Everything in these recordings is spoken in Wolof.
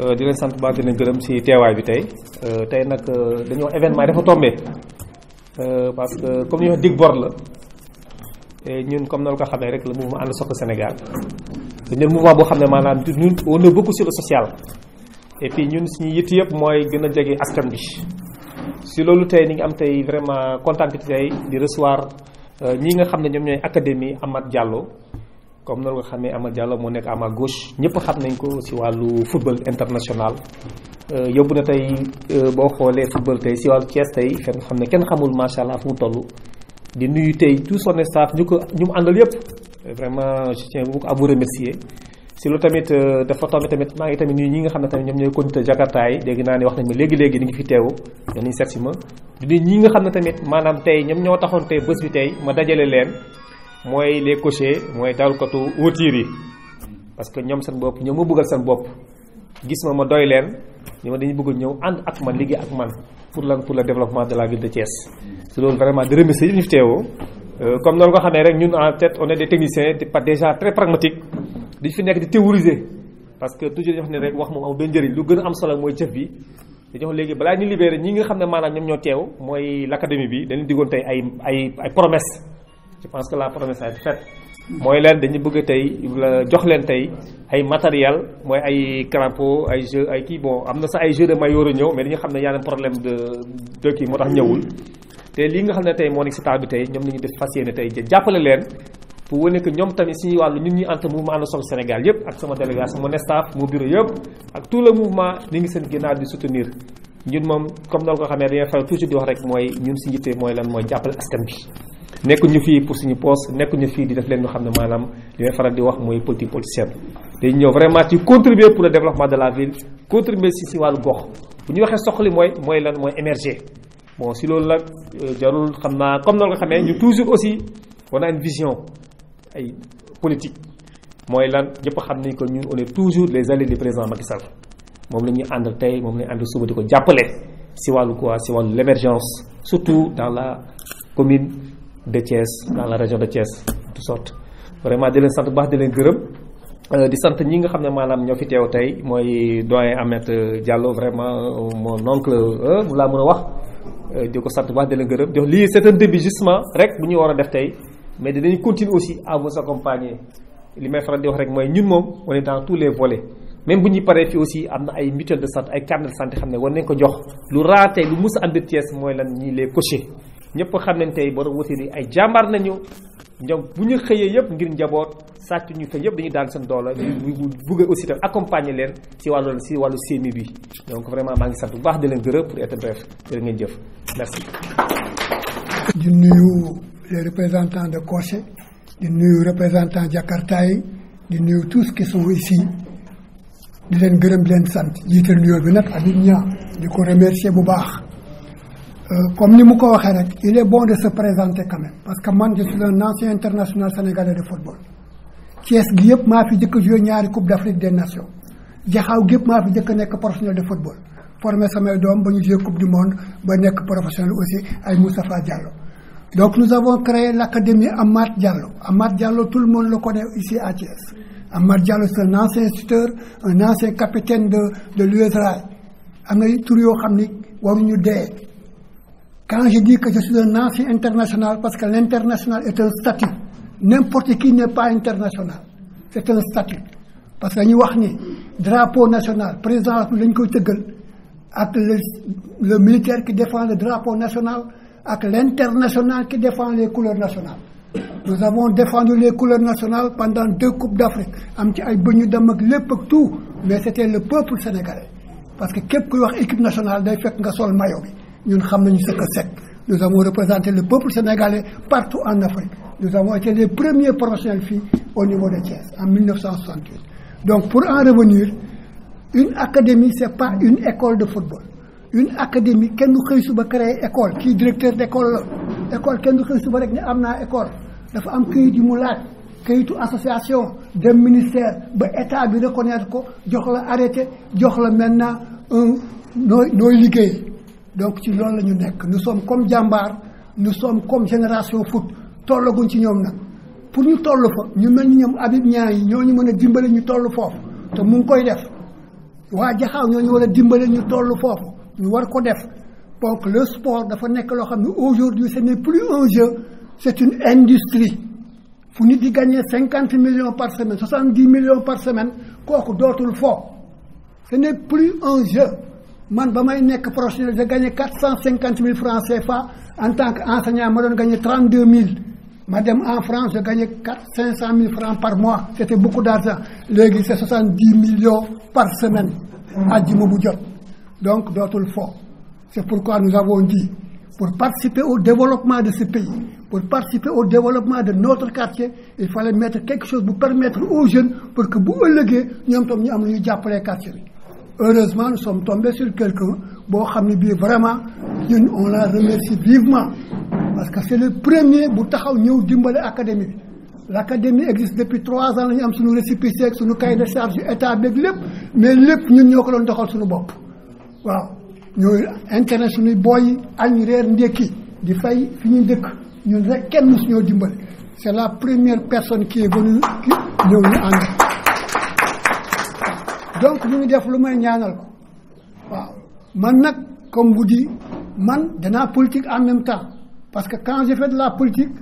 Euh, di leen sant baax di leen gërëm si teewaay bi tey euh, tey nag euh, dañoo événement dafa tombé parce que comme ñu wax dig bord la ñun comme na lu ko xamee rek la mouvement ànd sokk Sénégal dañu mouvement boo xam ne maanaam ñun on est beaucoup si le social et puis ñun suñu yitt yëpp mooy gën a jege askan bi si loolu tey ñu ngi am tey vraiment kontaan tey di recevoir ñi nga xam ne ñoom ñooy académie Amath Diallo comme noonu nga xamee Amad Diallo moo nekk à ma gauche ñëpp xam nañ ko si wàllu football international euh, yóbbu na tey euh, boo xoolee football tey si wàllu Thiès tey fenn xam ne kenn xamul macha allah fu mu toll di nuyu tey tout son staff ñu ko ñu mu àndal yëpp vraiment je tiens beaucoup à vous remercier. si lu tamit euh, dafa tombé tamit maa ngi tamit nuyu ñi nga xam ne tamit ñoom ñooy comité Jakarta yi dégg naa wax nañ ma léegi léegi ni fi teewu ñoo nañ nga xam ne tamit maanaam tey ñoom ñoo taxoon tey bés bi tey ma dajale leen mooy les cochers mooy dawalkatu voiture yi parce que ñoom seen bopp ñoom ma bëggal seen bopp gis ma ma doy leen ñu ma dañu bëgg ñëw ànd ak man liggéey ak man pour lan pour le développement de la ville de Thiès. su loolu vraiment di remercier yi ñu fi teewoo euh, comme noonu nga xam ne rek ñun en tête on est des techniciens pas déjà très pragmatiques di fi nekk di théoriser parce que toujours dañoo xam ne rek wax moom amul benn njëriñ lu gën am solo mooy jëf bi. dañoo léegi balaa ñu libéré ñi nga xam ne maanaam ñoom ñoo teew mooy l' bi dañu diggoon tey ay ay ay promesse je pense que la promesse a été faite mooy leen dañu bëgg tey jox leen tey ay matériel mooy ay crampons ay jeu ay kii bon am na sa ay jeu de maillot a ñëw mais dañu xam ne yaa problème de de kii moo tax ñëwul te lii nga xam ne tey moo nekk si taal bi tey ñoom nañu def fas yéene tey jàppale leen pour wane ñoom tamit si wàllu ñun ñi anta mouvement And Suxali Sénégal yëpp ak sama délégation mon staff mon bureau yëpp ak tout le mouvement ni ngi seen ginnaaw di soutenir ñun moom comme noonu ko xamee dañuy faral toujours di wax rek mooy ñun si njiite mooy lan mooy jàppale askan bi ñu fii pour suñu poste nekkuñu fii di def leen ñu xam ne maanaam li may faral di wax mooy politique politicienne dañ ñëw vraiment ci contribuer pour le développement de la ville contribuer si si wàllu gox bu ñu waxee soxli mooy mooy lan mooy émerger bon si loolu nag euh, jarul xam naa comme noonu nga xamee ñu toujours aussi on une vision ay politique mooy lan ñëpp xam ni ko ñu on est toujours les alliés du président Macky moom la ñuy ànd tey moom la ànd suba ko jàppale si wàllu quoi si wàllu l' surtout dans la commune de Thiès dans la région de Thiès de sorte vraiment di leen sant baax di leen gërëm euh, di sant ñi nga xam ne maanaam ñoo fi teew tey mooy doyen Ahmed Diallo vraiment euh, mon oncle euh, laa mën a wax di ko sant bu baax di leen gërëm jox lii c'est un début justement rek bu ñu war a def tey mais dinañ continuer aussi à vous accompagner li may faral di wax rek mooy ñun moom on est dans tous les volets mais bu ñuy paree fii aussi am na ay mutuelle de santé ay carnet de xam ne war nañ ko jox lu raatee lu mus a ànd Thiès mooy lan ñi les cocher ñëpp xam nañ tey borom wasiir yi ay jàmbaar nañu ñoom bu ñu xëyee yëpp ngir njaboot sàcc ñu xëy yëpp dañuy daan seen doola ñu bëgg aussi tam accompagner leen si wàllu si wàllu CMU bi donc vraiment maa ngi sant bu baax di leen gërëm pour être bref jërë ngeen jëf di nuyu les de Corse di nuyu représentants Jakarta yi di nuyu tous qui sont ici di leen gërëm leen sant jiital nuyoo bi nag Habib Niang di ko remercier bu baax comme ni mu ko waxee nag il est bon de se présenter quand parce que man je suis un ancien international sénégalais de football Thiès gi yëpp maa fi jëkk joué ñaari coupe d' Afrique des nations jaxaaw gi yëpp maa fi jëkk nekk professionnel de football formé samay doom ba ñu joué coupe du monde ba nekk professionnel aussi ay Moustapha Diallo donc nous avons créé l' académie Amath Diallo Amath Diallo tout le monde le connaît ici à Thiès Amath Diallo c' est un ancien instituteur un ancien de de am na tur yoo xam ni waruñu dee Quand je dis que je suis un ancien international, parce que l'international est un statut. N'importe qui n'est pas international. C'est un statut. Parce que ñu wax ni drapeau national président lañ koy tëggal ak le le militaire qui défend le drapeau national ak l'international qui défend les couleurs nationales. nous avons défendu le couleurs nationales pendant deux coupes d'Afrique am ci ay bëñu dem ak lépp ak tout mais c'était le peuple sénégalais parce qu képp kuy wax équipe nationale day fekk nga sol maillot bi. ñun xam nañu ce que c'est nous avons représenté le peuple sénégalais partout en Afrique nous avons été les premiers professionnels fii au niveau de Thiès en 1968 donc pour en revenir une académie c'est pas une école de football une académie kenn du xëy suba créer école kii directeur d'école la école kenn du xëy suba rek ne am naa école dafa am këyit yu mu laaj këyitu association dem ministère ba état bi reconnaître ko jox la arrêté jox la maintenant un nooy nooy liggéey donc ci loolu la ñu nekk nous sommes comme jàmbaar nous sommes comme génération foot tollaguñ ci ñoom nag pour ñu toll fa ñu mel ñu ñoom Habib Niang yi ñoo ñu mën a dimbale ñu toll foofu te mu ngi koy def waa jaxaaw ñoo ñu war a dimbale ñu toll foofu ñu war ko def donc le sport dafa nekk loo xam ne aujourd'hui ce n'est plus un jeu c'est une industrie fu nit di gagner cinquante millions par semaine soixante-dix millions par semaine kooku dootul foofu ce n'est plus un jeu man ba may nekk professionnel de gagné quatre cent cinquante mille francs CFA en tant que enseignant ma doon gagné trente deux mille ma dem en France je gagné quatre cinq cent mille francs par mois c' était beaucoup d' argent léegi c' est soixante dix millions par semaine. àjjuma bu jot donc dootul fo c' est pourquoi nous avons dit pour participer au développement de ce pays pour participer au développement de notre quartier il fallait mettre quelque chose que bu ëllëgee ñoom tam ñu am lu ñu jàppalee heureusement nous sommes tombés sur quelqu'un boo xam ne bii vraiment ñun on la remercie vivement parce que c' est le premier bu taxaw ñëw dimbale académie bi l' académie existe depuis trois ans la ñu am suñu récépissé ak suñu cahier de charge état beeg lépp mais lépp ñun ñoo ko doon doxal suñu bopp waaw ñooy internet suñuy booy añ reer ndékki di fay fi ñuy dëkk ñun rek kenn musu ñoo dimbale c' la première personne qui est venue ñëw donc mu ngi def lu may ñaanal ko waaw man nag comme vous dit man danaa politique en même temps parce que quand j'ai fait de la politique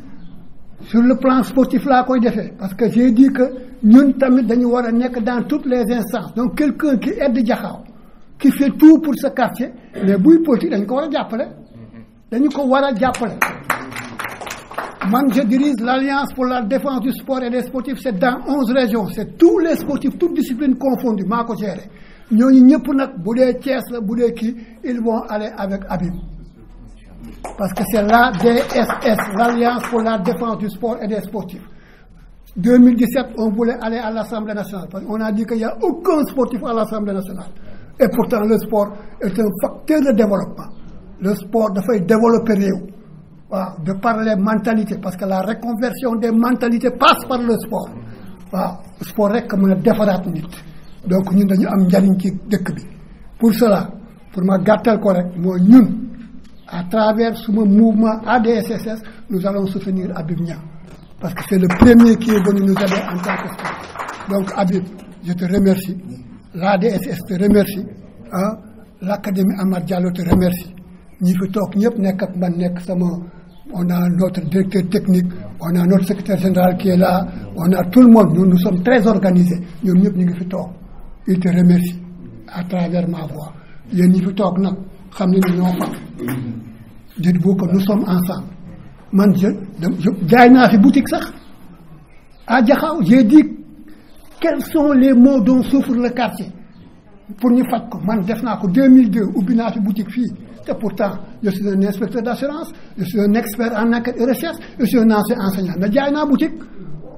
sur le plan sportif laa koy defee parce que j'ai dit que ñun tamit dañu war a nekk dans toutes les instances donc quelqu'un qui aide Jaxaaw qui fait tout pour ce quartier mais buy politique dañ ko war a jàppale dañu ko war a jàppale man je dirige l'Alliance pour la défense du sport et des sportifs c'est dans onze régions c'est tous les sportifs toutes disciplines confondues maa ko géré ñooñu ñëpp nag bu dee Thiès la bu dee kii ils vont aller avec Habib parce que c'est la DSS l'Alliance pour la défense du sport et des sportifs 2017 on voulait aller à l'Assemblée nationale parce qu'on a dit qu'il y a aucun sportif à l'Assemblée nationale et pourtant le sport est un facteur de développement le sport dafay développer waaw de par les mentalités parce que la reconversion des mentalités passe par le sport waaw sport rek ma a defaraat nit donc ñun dañu am njariñ ci dëkk bi pour cela pour ma gàttal ko rek moo ñun à travers suma mouvement ADSSS nous allons soutenir Habib Niang parce que c'est le premier qui est venu nous aider en tant sport donc Habib je te remercie l'ADSS te remercie ah l' académie Amar Diallo te remercie ñi fi toog ñëpp nekk ak man nekk sama on a notre directeur technique on a notre secrétaire général qui est là on a tout le monde nous sommes très organisés ñoom ñëpp ñu ngi fi toog il te remercie à travers ma voix yéen ñi fi toog nag xam ne ñoo fa dites-vous que nous sommes ensemble man je jaay naa fi boutique sax à Diakhao j'ai dit quels sont les maux dont souffre le quartier pour ñu faj ko man def naa ko 2002 ubbi naa fi boutique fii te pourtant je suis un inspecteur d' assurance je suis un expert en enquête et recherche je suis un ancien enseignant mais jaay naa boutique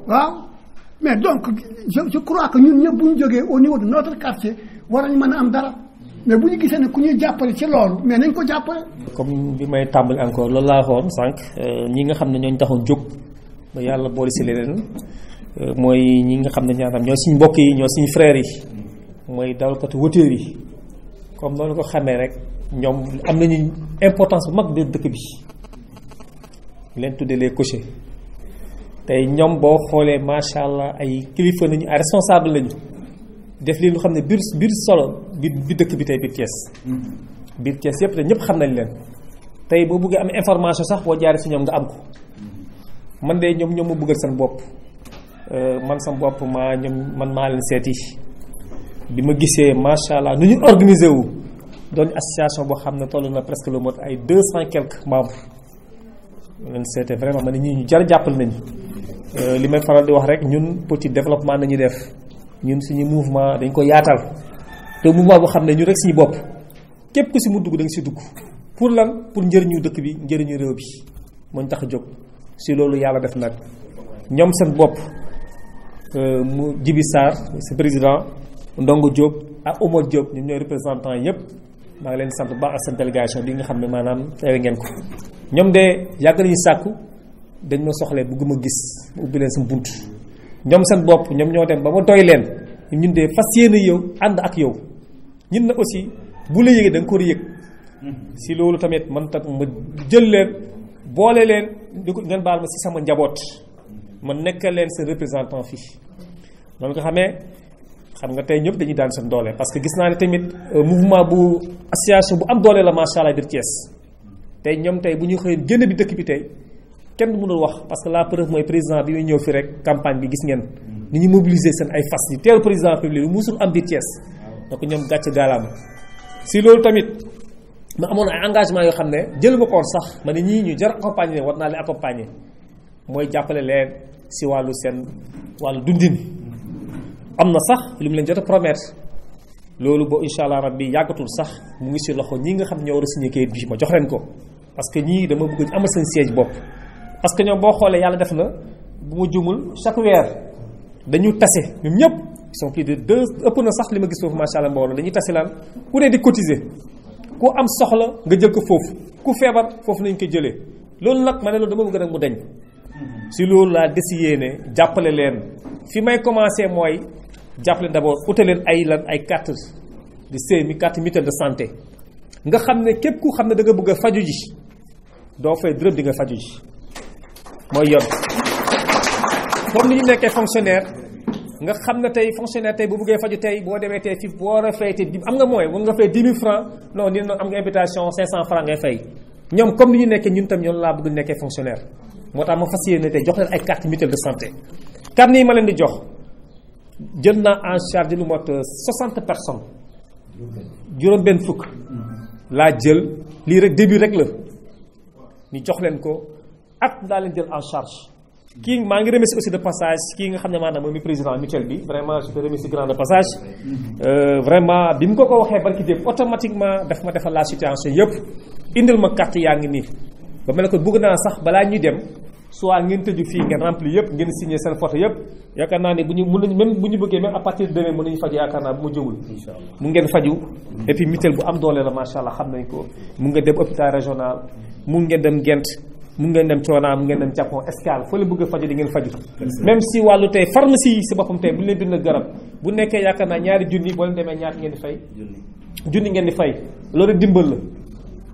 waaw. mais donc je je crois que ñun ñëpp bu ñu jógee au niveau de notre quartier war nañu mën a am dara mais bu ñu gisee ne ku ñuy jàppale ci loolu mais nañ ko jàppale. comme bi may tàmbali encore loolu laa xoon sànq euh, ñi nga xam ne ñooñu taxoon jóg ba yàlla boole si leneen euh, mooy ñi nga xam ne ñoo suñu mbokk yi ñoo suñu frères yi. mooy dawalkatu wauteur yi comme noonu ko xamee rek ñoom am nañu importance bu mag biir dëkk bi leen tuddee les cochers tey ñoom boo xoolee macha allah ay kilifa nañu ay responsable lañu def lii lu xam ne biir biir solo bi bi dëkk bi tey biir Thiès hmm. biir Thiès yëpp te ñëpp xam nañ leen tey boo bëggee am information sax boo jaaree si ñoom nga am ko man de ñoom ñoom ma bëggal seen bopp euh, man sam bopp maa ñoom man maa leen seeti bi ma gisee macha allah nu ñu organisé wu doon association boo xam ne toll na presque lu mot ay deux cent quelques membres leen seete vraiment ma ne ñii ñu jar jàppal nañu euh, li may faral di wax rek ñun pour ci développement nañu def ñun suñu mouvement dañ ko yaatal te mouvement boo xam ne ñun rek suñu bopp képp ku si mu dugg da si dugg pour lan pour njëriñu dëkk bi njëriñu réew bi mën tax a jóg si loolu yàlla def nag ñoom seen bopp euh, mu Jibi Sarr sa président Ndongo Diop ak Oumar Diop ñun ñooy représentant yëpp maa ngi leen sant bu baax ak seen bi nga xam ne maanaam teewe ko ñoom de yàgg nañu sàkku dañ ma soxlee bëgg ma gis ma ubbi leen sama ñoom seen bopp ñoom ñoo dem ba ma doy leen ñun de fas yéene yow ànd ak yow ñun na aussi bu la yëgee da nga ko si loolu tamit man tax ma jël leen boole leen di baal ma si sama njaboot ma nekkal leen seen représentant fii noonu nga xamee xam nga tey ñëpp dañuy daan seen doole parce que gis naa ne tamit euh, mouvement bu association bu am doole la macha allah biir Thiès tey ñoom tey bu ñu xëyee génn bi dëkk bi tey wax parce que la preuve mooy président bi ñëw fi campagne bi gis ngeen ñu mobiliser seen ay fas yi teelu président public bi musul am biir Thiès donc ñoom gàcc gaalaama si loolu tamit ma amoon ay engagement yoo xam ne jël ma koon sax ma ne ñii ñu jar accompagner war naa leen accompagner mooy jàppale leen si wàllu seen wàllu dundin am na sax li mu leen jot a loolu boo incha allah bi yàggatul sax mu ngi si loxo ñi nga xam ñoo war a signé kayit bi ma jox leen ko parce que ñii dama bëgg amal seen siège bopp. parce que ñoom boo xoolee yàlla def na bu ma jumul chaque weer dañu tase ñoom ñëpp ils sont plus de ëpp na sax li ma gis foofu macha allah mbooloo dañuy tase laan ku ne di cotiser ku am soxla nga jël ko foofu ku feebar foofu nañ ko jëlee loolu nag ma ne loolu dama bëgg nag mu deñ si loolu laa décidé ne jàppale leen fi may commencé mooy. jàpp leen d' abord ute leen ay lan ay carte di CMU carte mutuelle de santé nga xam ne képp ku xam ne da nga bëgg a faju ji doo fay dërëm di nga faju ji mooy yoon comme ni ñu nekkee fonctionnaire nga xam ne tey fonctionnaire tey bu bëggee faju tey boo demee tey fii boo war a fay te am nga moyen mun nga fay 10 000 francs non ni noonu am nga invitation 500 francs ngay fay ñoom comme ni ñu nekkee ñun tam ñoom laa bëgg nekkee fonctionnaire moo tax ma fas jox leen ay carte mutuelle de santé carte yi ma leen di jox jël na en charge lu mot 60 personnes juróom benn fukk laa jël lii rek début rek la ñu jox leen ko at laa leen jël en charge kii maa ngi remercier aussi de passage kii nga xam ne maanaam moom mi président mutuelle bi vraiment je te remercie grand de passage euh, vraiment bi mu ko ko waxee barki démb automatiquement daf ma defal la situation yëpp indil ma kart yaa ngi nii ba ma ne ko bugg naa sax balaa ñuy dem soit ngeen tëju fii ngeen rempli yëpp ngeen signé seen photo yëpp yaakaar naa ne bu ñu mën nañ même bu ñu bëggee même à partir de nañu faju yaakaar naa bu ma jëwul mu ngeen faju et puis bu am doole la macha allah xam nañ ko mu ngeen dem hôpital régional mu ngeen dem Gent mu ngeen dem Coona mu ngeen dem Japon Escale foo leen bëgg a faju di ngeen faju même si wàllu tey pharmacie yi si boppam tey bu leen bind garab bu nekkee yaakaar naa ñaari junni boo leen ñaar ngeen di fay ngeen di fay loolu dimbal la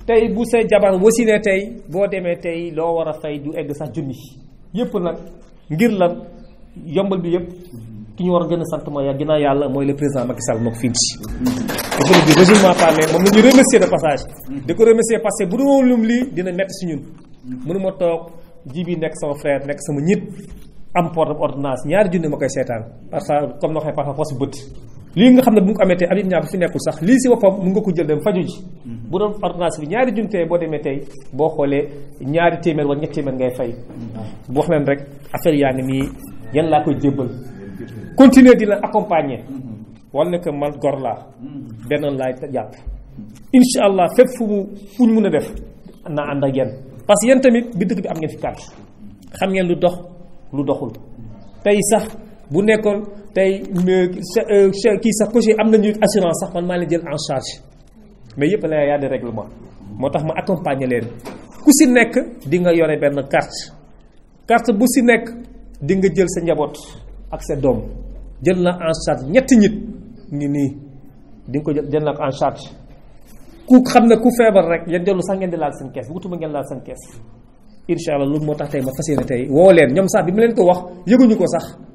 tey bu sa jabar wasine tey boo demee tey loo war a fay du egg sax junni yëpp nag ngir lan yombal bi yëpp ki ñu war a gën a sant mooy ginnaaw yàlla mooy le président Macky Sall moo ko fii ci. école bi résumé parlé moom la ñu de passage. di ko remercier parce que bu dul woon lum lii dina métti si ñun. mënuma toog ji bi nekk sama frère nekk sama ñit am porte ordonnance ñaari junni ma koy seetaan parfois comme noo xam ne parfois fausse bët. lii nga xam ne bu nga ko amee tey Habib Niang bu fi nekkul sax lii si boppam mun nga ko jël dem faju ji mm-hmm. bu doon ordonnance bi ñaari junni boo demee tey boo xoolee ñaari téeméer wala ñetti téeméer ngay fay bu wax leen rek affaire yaa ngi nii yan laa koy jébbal mm-hmm. continuer di accompagner mm-hmm. wala que man gor laa benn laay jàpp incha allah fépp fu mu fu ñu mun a def naa ànd ak yéen parce que yéen tamit bi dëkk bi am ngeen fi carte xam ngeen lu dox lu doxul tey sax bu nekkoon tey euh, euh, sa kii sax coché am na nañu assurance sax man maa leen jël en charge mais yëpp la yaa de règlement moo tax ma accompagner leen ku si nekk di nga yore benn carte carte bu si nekk di nga jël sa njaboot ak sa doom jël na en charge ñetti ñit ngi nii di ko jël jël la ko en ku xam ne ku feebar rek yéen dellu sax ngeen di laal seen kees wutuma ngeen laal seen kees incha allah loolu moo tax tey ma fas tey woo leen ñoom sax bi ma leen ko wax yëguñu ko sax.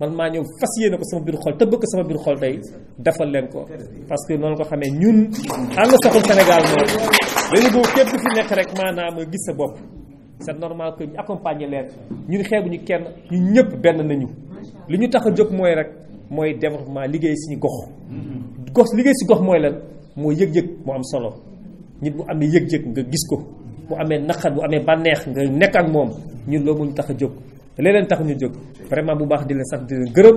man maa ñëw fas yéene ko sama biir xol te bëgg sama biir xol tey defal leen ko parce que noonu ko xamee ñun ànd saxul Sénégal moom dañu bëgg képp fi nekk rek maanaam gis sa bopp c'est normal que ñu accompagner leen ñun xeebuñu kenn ñun ñëpp benn nañu li ñu tax a jóg mooy rek mooy développement liggéey suñu gox gox liggéey si gox mooy lan mooy yëg-yëg mu am solo nit bu amee yëg-yëg gis ko bu amee naqar bu amee bànneex nga ak moom ñun loolu moo ñu tax a jóg leneen tax ñu jóg vraiment bu baax di leen sant di leen gërëm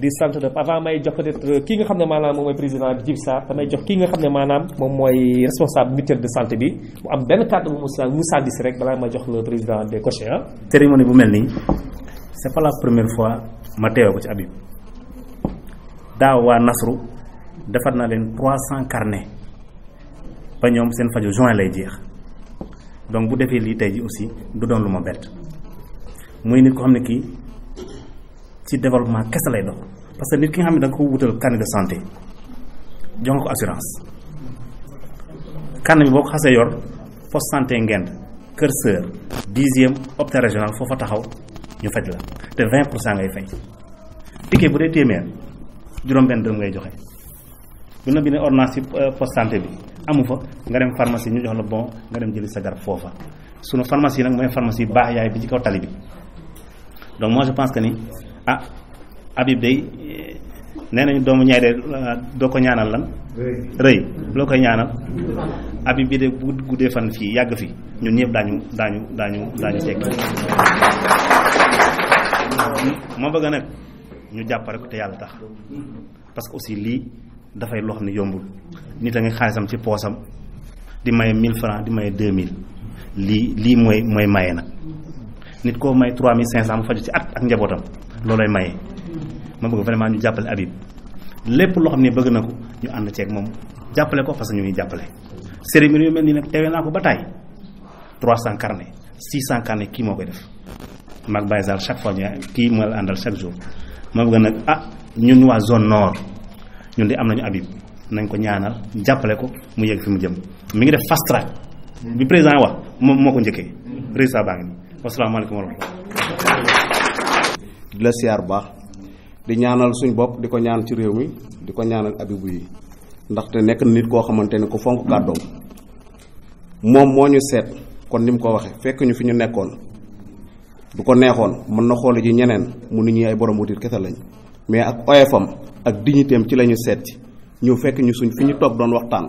di sant de avant may jox peut être euh, kii nga xam ne maanaam moom mooy président bi Djibi Sarr damay jox kii nga xam ne maanaam moom mooy responsable teel de santé bi mu am benn carte bu mu mu sànni si rek balaa ma jox le président des cochers ah. cérémonie bu mel nii c'est pas première fois ma teewee ko ci Habib daaw waa Nasru defar naa leen 300 carnet ba ñoom seen fajo juin lay jeex don bu defee lii tey ji aussi du doon lu ma bett. muy nit ko xam ne kii ci développement kese lay dox parce que nit ki nga xam ne da ko wutal carnet de santé jox nga ko assurance carnet bi boo ko xasee yor poste santé ngend kër sër dixième hôpital régional foofa taxaw ñu faj la te vingt pour cent ngay fay ticket bu dee téeméer juróom-benn dërëm ngay joxe bu na bi ne ordonnance ci euh, poste santé bi amu fa nga dem pharmacie ñu jox la bon nga dem jëli sa garab foofa sunu pharmacie nag mooy pharmacie baax yaay bi bi donc moi je pense que ni ah Habib day nee nañu doomu ñaay de ah, doo ko ñaanal lan rëy loo koy ñaanal Habib bi de bu guddee fan fii yàgg fi ñun ñëpp daañu daañu daañu daañu tekki ma bëgg nag ñu jàppale ko te yàlla tax parce que aussi lii dafay loo ne yombul nit a ngi xaalisam ci poosam di maye 1000 francs di maye 2000 lii lii mooy mooy maye nag nit koo may 3500 mu faju ci at ak njabootam loolay maye ma bëgg vraiment ñu jàppale Habib lépp loo xam ne bëgg na ko ñu ànd ceeg moom jàppale ko parce que ñu ngi jàppale cérémonie yu mel nii nag tewee naa ko ba tàyyi 300 carnet 600 carnet kii moo koy def mag Baye Sall chaque fois ñu kii moo la àndal chaque jour ma bëgg nag ah ñun waa zone nord ñun de am nañu Habib nañ ko ñaanal jàppale ko mu yegg fi mu jëm mi ngi def fast track bi président wax moom moo ko njëkkee résultat baa ngi nii wasalaamaaleykum wa rahmatulah. di la siyaar bu baax di ñaanal suñ bopp di ko ñaan ci réew mi di ko ñaanal abibu yi ndaxte nekk nit koo xamante ne ku fonk kàddoom moom moo ñu seet kon ni mu ko waxee fekk ñu fi ñu nekkoon du ko neexoon mën na xool ji ñeneen mu nit ñi ay borom wutit kese lañ mais ak oyofam ak dignitéem ci lañu seet ci ñëw fekk ñu suñ fi ñu toog doon waxtaan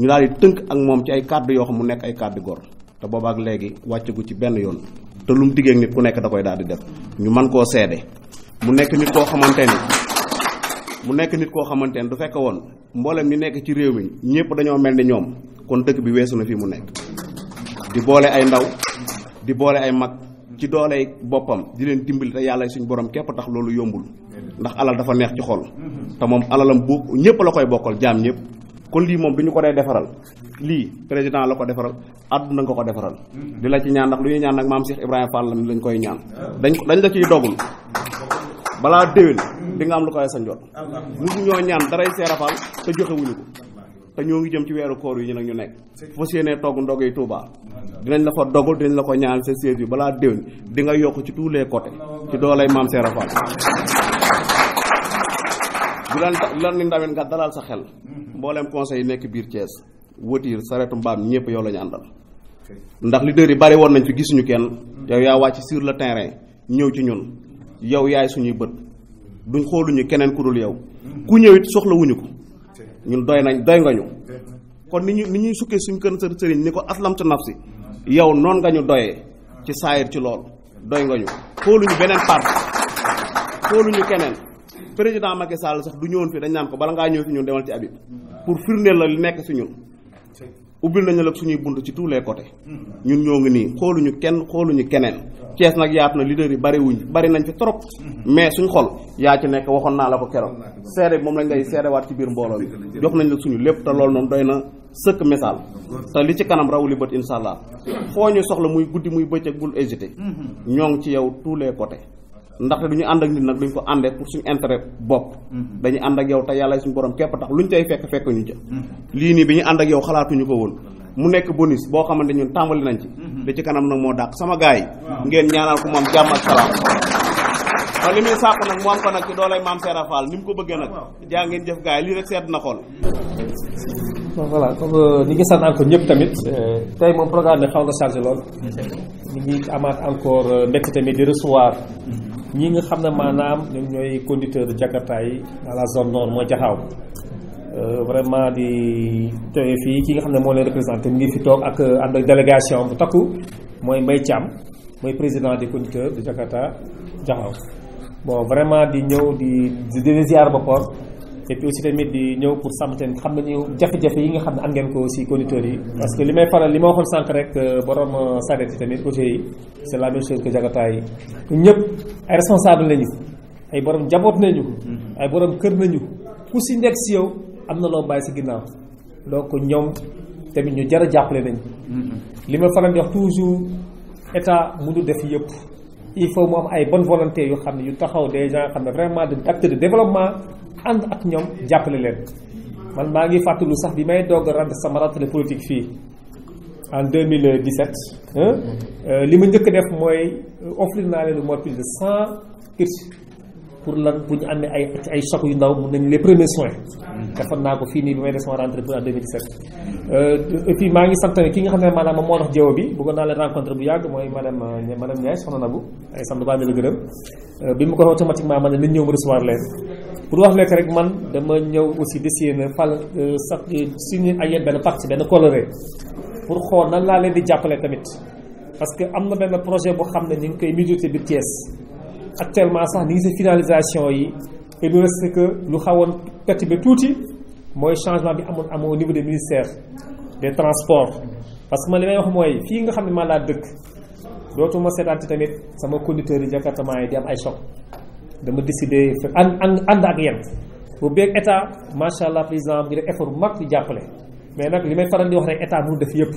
ñu daal di tënk ak moom ci ay kàddu yoo xam mu nekk ay kàddu gor. te boobaak léegi wàccagu ci benn yoon te lu mu diggee nit ku nekk da koy daal di def ñu man koo seede mu nekk nit koo xamante ni mu nekk nit koo xamante ni du fekk woon mboolem ñu nekk ci réew mi ñëpp dañoo mel ni ñoom kon dëkk bi weesu na fii mu nekk di boole ay ndaw di boole ay mag ci dooley boppam di leen dimbali te yàlla suñu borom képp tax loolu yombul ndax alal dafa neex ci xol te moom alalam bu ñëpp la koy bokkal jaam ñëpp kon lii moom du ñu ko dee defaral lii président la ko defaral àdduna nga ko defaral di la ci ñaan ndax lu ñuy ñaan nag maam Cheikh Ibrahima Fall lañ koy ñaan dañ dañ la ciy dogul balaa déwén di nga am lu koy sa njot musu ñoo ñaan daray Cheikh Fall te joxewuñu ko te ñoo ngi jëm ci weeru koor yi ñu nag ñu nekk fas yéenee togg ndog yi Touba dinañ la ko dogul dinañ la ko ñaan sa siège bi balaa déwén di nga yokk ci tous les côtés ci doolay maam Cheikh Fall bu lan lan li ndaween nga dalal sa xel mboolem conseil yi biir Thiès wóotiir sareetu mbaam ñëpp yow la ñu àndal ndax leader yi bari woon nañ fi gisuñu kenn yow yaa wàcc sur le terrain ñëw ci ñun yow yaay suñuy bët duñ xooluñu keneen ku dul yow hmm. ku ñëw soxlawuñu ko ñun doy nañ doy nga ñu kon ni ñu ni ñuy sukkee suñ kën sër sëriñ ni ko aslamtu si yow noon nga ñu doyee ci saayir ci lool doy nga ñu xooluñu beneen parti xooluñu keneen président Macky Sall sax du ñëwoon fi dañ naan ko bala ngaa ñëw fi ñun demal ci Habib pour firndeel la li nekk fi ñun ubbil nañu la suñuy bunt ci tous les côtés ñun ñoo ngi nii xooluñu kenn xooluñu keneen Cees nag yaatu na leader yi bari bari nañ fi trop mais suñ xol yaa ci nekk waxoon naa la ko keroog seede bi moom lañ lay waat ci biir mbooloo bi jox nañ la suñu lépp te loolu noonu doy na sëkk misaal te li ci kanam raw li bët allah foo ñu soxla muy guddi muy bëccëg bul hésité ñoo ngi ci yow tous les côtés ndaxte du ñu ànd ak nit nag duñ ko àndee pour suñu intérêt bopp mhm. dañu ànd ak yow te yàlla suñu borom képp tax ñu cay fekk fekk ñu ca mhm. lii nii bi ñu ànd ak yow xalaatuñu ko woon mu nekk bonus boo xamante ñun tàmbali nañ ci mhm. li ci kanam nag moo dàq sama gars yi ngeen ñaanal ko moom jàmm ak salaam te li nag moom ko nag ci doolay maam Seera Fall ni mu ko bëggee nag jaa ngeen jëf gars yi lii rek seet na xool voilà comme euh, ñu ngi sant encore ñëpp tamit euh, tey moom programme xaw na changé lool ñu ngi amaat encore euh, mbégte tamit di recevoir ñi nga xam ne maanaam ñoom ñooy conducteur de Jakarta yi à la zone nord mooy jaxaaw euh, vraiment di tey fii ki nga xam ne moo leen représenté mu ngi fi toog ak euh, ànd ak délégation bu takku mooy Mbaye Thiam mooy président des conducteurs de Jakarta jaxaaw bon vraiment di ñëw di di ziar ba port et puis aussi tamit di ñëw pour sàmm teen xam nañu jafe-jafe yi nga xam ne am ngeen ko aussi conducteurs yi parce que li may faral li ma waxoon sànq rek euh, borom saret euh, yi tamit côté yi c'est la même chose que yi ñun ñëpp ay responsable lañu ay boroom jaboot nañu ay borom kër nañu ku si nekk si yow am na loo bàyyi si loo ko ñoom tamit ñu jar a jàppale nañ li ma faral di wax toujours mu mënu def yëpp il faut mu am ay bonne volonté yu xam ne yu taxaw des xam ne vraiment des acteurs développement ànd ak ñoom jàppale leen man maa ngi fàttalu sax bi may doog ràdd sama rattale politique fii en 2017 euh, li ma njëkk def mooy euh, offrir naa leen lu mot plus de cent kits pour lan bu ñu amee ay ay yu ndaw mun nañ les premiers soins defoon naa ko fii nii bi may def sama rentrée pour en 2017 euh, et puis maa ngi sant ki nga xam ne a moom moo tax jaww bi bëggoon naa leen rencontre bu yàgg mooy madame madame Ndiaye soxna Nabou ay sant baa ngi la gërëm bi mu ko automatiquement ma ne nañ ñëw ma recevoir leen pour wax lekk rek man dama ñëw aussi décidé na fal euh, sax suñu ay yéen benn parti benn coloré pour xool nan laa leen di jàppale tamit parce que am na benn projet bu xam ne ñu ngi koy mijoté bi Thiès actuellement sax ni ngi si finalisation yi et bien lu xawoon perte bi tuuti mooy changement bi amoon amoo au niveau des ministères des transports parce que man li may wax mooy fii nga xam ne man laa dëkk dootuma seetaanti tamit sama conducteur yi jakartamaa yi di am ay dama décidé ànd ànd ànd ak yéen bu beeg état macha allah président bi def effort bu mag di jàppale mais nag li may faral di wax rek état mu def yëpp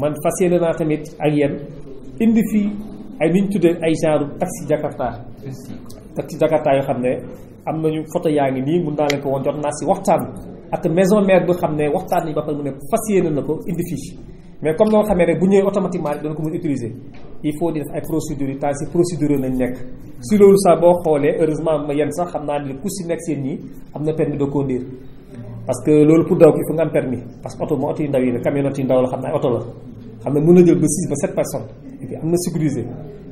man fas yéene naa tamit ak yéen indi fii ay ni ñu tuddee ay genre taxi jakarta taxi jakarta yoo xam ne am na ñu photo yaa ngi nii mun naa leen ko woon jot naa si waxtaan ak maison mère bi xam ne waxtaan nañu ba pare mu ne fas yéene na ko indi fii. mais comme noo xamee rek bu ñëwee automatiquement rek dana ko mën utiliser il faut di def ay procédures yi temps si procédure nañ nekk si loolu sax boo xoolee heureusement ma yenn sax xam naa ne ku si nekk seen ñi am na permis de conduire parce que loolu pour daw ko il faut nga am permis parce que oto moo oto yu ndaw yi la camionnette yu ndaw la xam naa oto la xam ne mën na jël ba 6 ba 7 personnes et puis am na sécurisé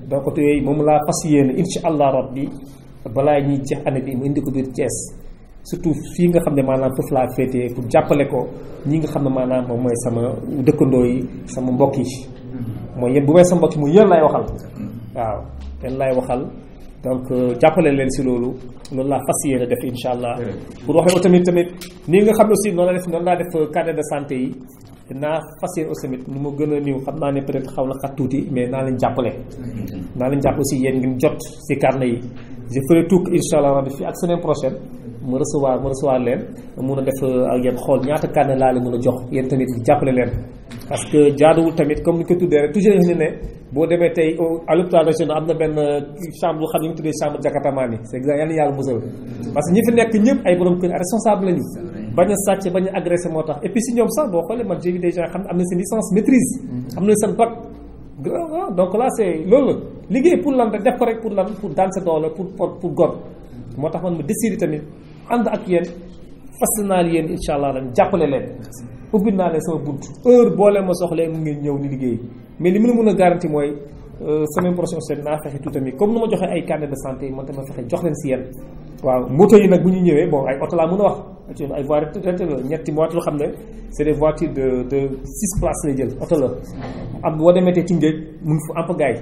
donc oto yooyu moom laa fas yéene balaa ñuy jeex année indi ko biir Thiès surtout fii nga xam ne maanaam foofu laa féetee pour jàppale ko ñi nga xam ne maanaam moom mooy sama dëkkandoo yi sama mbokk yi mooy yéen bu may sama mbokk yi mu yéen lay waxal waaw yéen lay waxal donc euh, jàppale leen si loolu loolu laa fas yéene def insha allah pour wax ko tamit tamit nii nga xam ne aussi noonu def noonu laa def euh, cadre de santé yi naa fas yéene aussi tamit nu mu gën a niw xam naa ne peut être xaw na xat tuuti mais naa leen jàppale naa leen jàpp aussi yéen ngeen jot si carnet yi je ferai tout ak semaine prochaine mu recevoir mu recevoir leen mun a def ak yéen xool ñaata carnet laa leen a jox yéen tamit jàppale leen parce que jaaduwul tamit comme ni ko tuddee rek toujours ni ne boo demee tey à l'hôpital régional am na benn euh, chambre bu xam ne ñu tuddee chambre jakatamaan yi c'est exact yàlla yàlla musal parce que ñi fi nekk ñëpp ay borom kër responsable lañu bañ a sàcc bañ a agressé moo tax et ñoom sax boo xoolee man j'ai vu des gens xam ne am na seen licence mm-hmm. la pour lan rek def ko rek pour lan moo tax man tamit ànd ak yéen fas naa yéen incha allah ren jàppale leen ubbi naa leen sama bunt heure boo leen ma soxlee mu ngeen ñëw ni liggéey mais li mun a mën a garanti mooy euh, semaine prochaine seen naa fexe tuuti tamit comme nu ma joxee ay carnet de santé man tamit ma fexe jox leen si yéen. waaw moto yi nag bu ñu ñëwee bon ay oto laa mën a wax ci ay voitures la ñetti voitures xam ne c'est des voitures de de six places lay jël oto la am boo te ci ngéej mun fa am gaay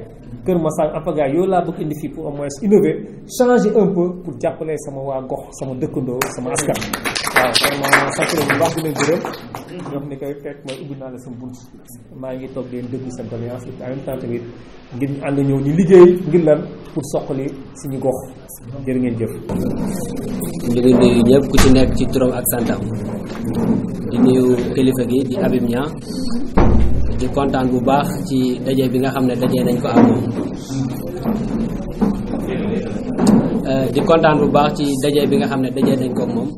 Kër Massar Apaga yooyu laa bëgg indi fii pour au moins innover changer un peu pour jàppale sama waa gox sama dëkkandoo sama askan. waaw vraiment sant leen bu baax mm-hmm. maa ngi toog leen déglu sa doléance en même temps ngir ñu ànd ñëw ñu liggéey ngir lan pour soqali suñu gox jërë ngeen jëf. ñu ngi nuyu ñëpp ku ci nekk ci turam ak santam di nuyu kilifa gi di Habib Niang. di kontaan bu baax ci daje bi nga xam ne daje nañ ko am moom euh, di kontaan bu baax ci daje bi nga xam ne daje nañ ko moom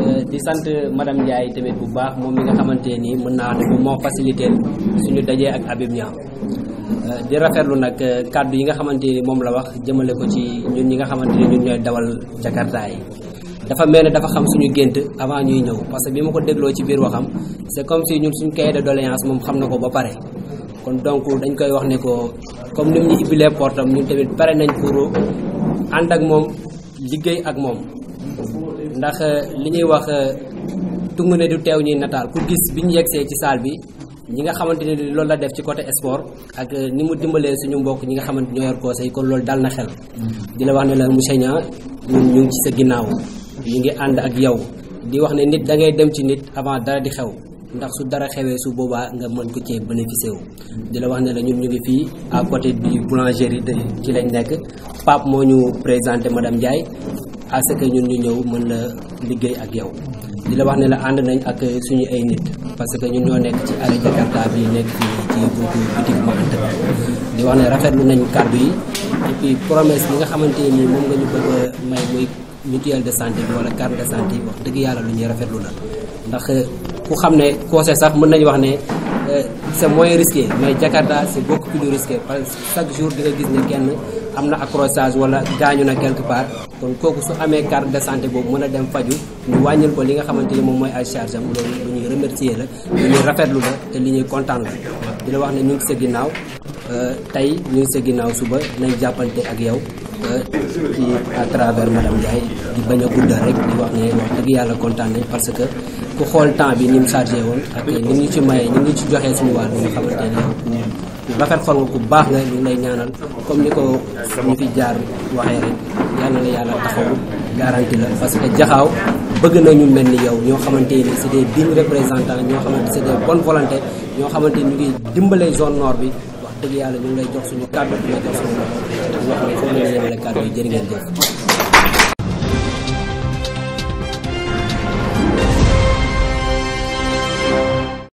euh, di sant madame Ndiaye tamit bu baax moom mi nga xamante nii mun naa ne moo facilité suñu dajee ak Habib Niang euh, di rafetlu nag kàddu yi nga xamante ni moom la wax jëmale ko ci ñun ñi nga xamante ni ñun ñooy dawal Jakarta yi dafa mel ne dafa xam suñu gént avant ñuy ñëw parce que bi ma ko dégloo ci biir waxam c'est comme si ñun suñu cahier de doléance moom xam na ko ba pare kon donc dañ koy wax ne ko comme ni mu ñu ibbilee portam ñun tamit pare nañ pour ànd ak moom liggéey ak moom ndax euh, li ñuy wax euh, tungu ne du teew ñuy nataal ku gis bi ñu yegsee ci saal bi ñi nga xamante ni loolu la def ci côté sport ak euh, ni mu dimbalee suñu mbokk ñi nga xamante ñoo yor conseil kon loolu dal na xel mm. di la wax ne la monsieur Niang ñun ñu ginnaaw ñu ngi ànd ak yow di wax ne nit dangay dem ci nit avant dara di xew ndax su dara xewee su boobaa nga mën ko cee bénéficié wu. di la wax ne la ñun ñu ngi fii à côté du boulangerie de ci lañ nekk Pape moo ñu présenté madame Ndiaye à ce que ñun ñu ñëw mën la liggéey ak yow. di la wax ne la ànd nañ ak suñu ay nit parce que ñun ñoo nekk ci arrêt Jakarta bi nekk fii ci buntu boutique ma ant di wax ne rafetlu nañ kàddu yi et puis promesse nga xamante ni moom nga mutuel de santé bi wala carte de santé bi wax dëgg yàlla lu ñuy rafetlu la ndax euh, ku xam ne conseil sax mën nañu wax ne euh, c'est moins risqué mais Jakarta c'est beaucoup plus risqué parce que chaque jour di nga gis ne kenn am na accrochage wala gaañu na quelque part kon kooku su amee carte de santé boobu mën a dem faju ñu wàññil ko li nga xamante ni moom mooy ay charge am loolu lu ñuy remercier la lu ñuy rafetlu la te li ñuy kontaan la di la wax ne ñu ngi sa ginnaaw euh, tey ñu ngi sa ginnaaw suba nañ jàppante ak yow ci à travers madame Ndiaye di bañ a guddal rek di wax ne wax dëgg yàlla kontaan nañ parce que ku xool temps bi ni mu chargé woon ak ni ñu ci mayee ni ñu ci joxee suñu wàll ñu rafet xol nga baax nga ñu lay ñaanal comme ni ko ñu fi jaar waxee rek yàlla la yàlla taxaw garanti la parce que jaxaaw bëgg nañu mel ni yow ñoo xamante ni c'est des dignes représentants ñoo xamante c'est des bonnes volontés ñoo xamante ñu ngi dimbalee zone nord bi wax dëgg yàlla ñu lay jox suñu kàddu di la jox suñu wax ne foofu la ñu yemale kàddu yi jërë ngeen jëf